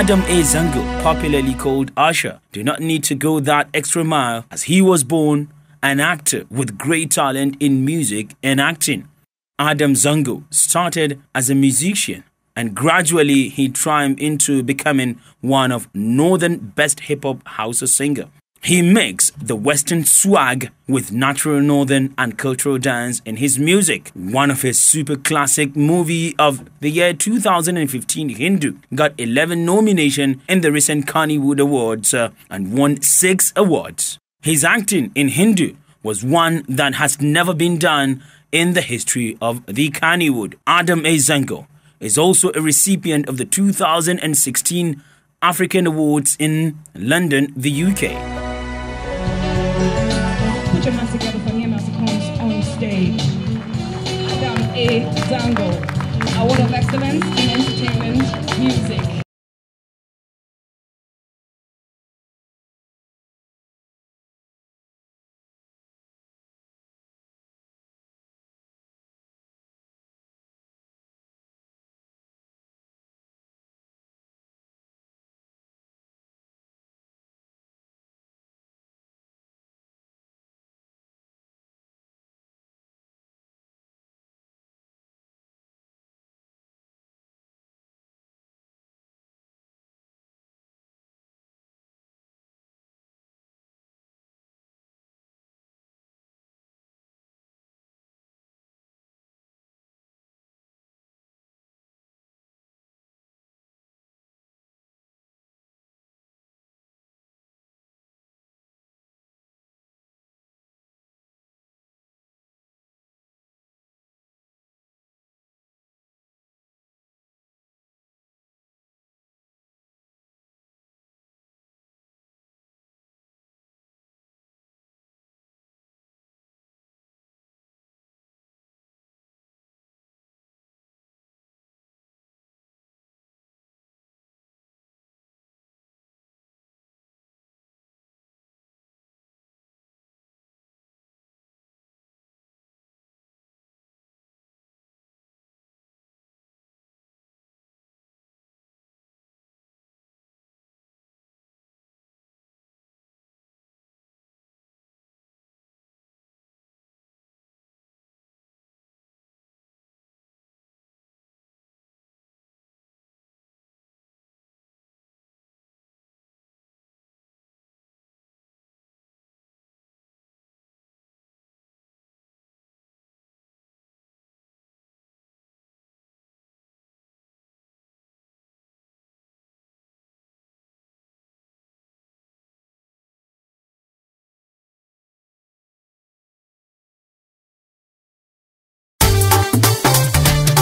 Adam A. Zango, popularly called Usher, do not need to go that extra mile as he was born an actor with great talent in music and acting. Adam Zango started as a musician and gradually he triumphed into becoming one of northern best hip hop house singer. He mixes the Western swag with natural northern and cultural dance in his music. One of his super classic movie of the year 2015, Hindu, got 11 nomination in the recent Kannywood Awards uh, and won 6 awards. His acting in Hindu was one that has never been done in the history of the Kannywood. Adam Azenko is also a recipient of the 2016 African Awards in London, the UK. a a Award of Excellence in Entertainment Music.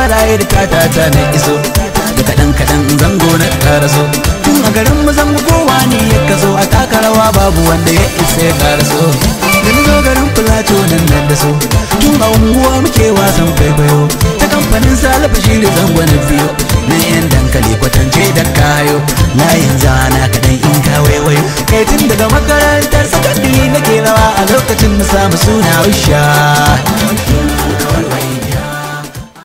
fara yi da ta na iso da kaɗan kaɗan zango na karaso tun a garin mu zango kowa ne ya kaso a takarawa babu wanda ya isa ya karaso da na zo garin filato nan nan da so tun a unguwa muke wasan kwaikwayo ta kamfanin salafa shi da zango na biyo na yan dankali kwatance da kayo na yin zana kaɗan in ka waiwayo kai tun daga makarantar sakandare nake rawa a lokacin na samu suna usha